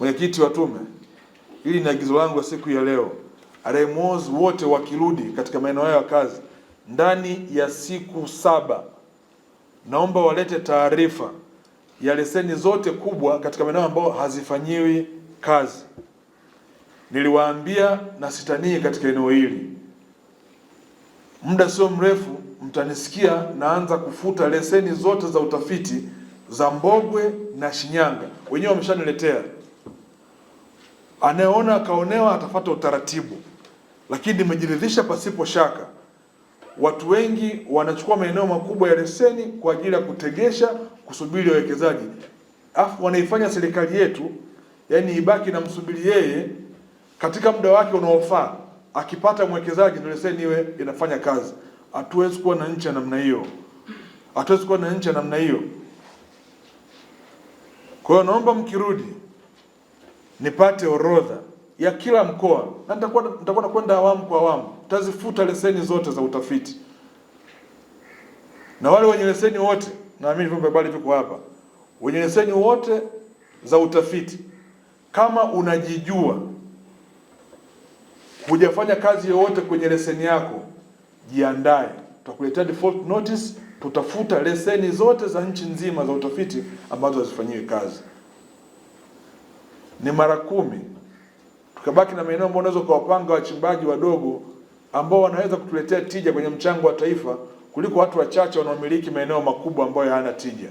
Mwenyekiti wa tume, hili ni agizo langu la siku ya leo. RMOs wote wakirudi katika maeneo yao ya kazi ndani ya siku saba, naomba walete taarifa ya leseni zote kubwa katika maeneo ambayo hazifanyiwi kazi. Niliwaambia na sitanii katika eneo hili, muda sio mrefu mtanisikia naanza kufuta leseni zote za utafiti za Mbogwe na Shinyanga. Wenyewe wameshaniletea Anayeona akaonewa atafata utaratibu, lakini nimejiridhisha pasipo shaka, watu wengi wanachukua maeneo makubwa ya leseni kwa ajili ya kutegesha, kusubiri wawekezaji, afu wanaifanya serikali yetu yani ibaki na msubiri yeye katika muda wake unaofaa. Akipata mwekezaji ndio leseni iwe inafanya kazi. Hatuwezi kuwa na nchi ya namna hiyo, hatuwezi kuwa na nchi ya namna hiyo. Kwa hiyo naomba mkirudi nipate orodha ya kila mkoa, na nitakuwa nakwenda awamu kwa awamu. tazifuta leseni zote za utafiti na wale wenye leseni wote, naamini vyombo vya habari viko hapa, wenye leseni wote za utafiti, kama unajijua hujafanya kazi yoyote kwenye leseni yako, jiandae, tutakuletea default notice. Tutafuta leseni zote za nchi nzima za utafiti ambazo hazifanyiwi kazi ni mara kumi, tukabaki na maeneo ambayo unaweza ukawapanga wachimbaji wadogo ambao wanaweza kutuletea tija kwenye mchango wa taifa kuliko watu wachache wanaomiliki maeneo makubwa ambayo hayana tija.